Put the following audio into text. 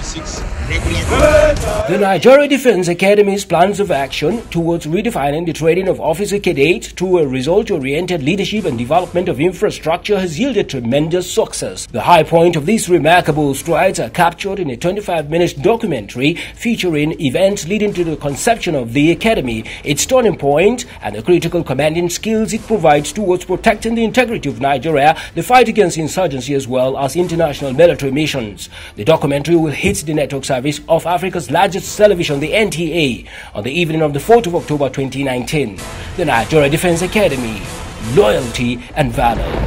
Six, The Nigeria Defense Academy's plans of action towards redefining the training of officer cadets through a result-oriented leadership and development of infrastructure has yielded tremendous success. The high point of these remarkable strides are captured in a 25-minute documentary featuring events leading to the conception of the academy, its turning point, and the critical commanding skills it provides towards protecting the integrity of Nigeria, the fight against insurgency as well as international military missions. The documentary will hit the network service of Africa's largest television, the NTA, on the evening of the 4th of October 2019. The Nigeria Defense Academy, loyalty and valor.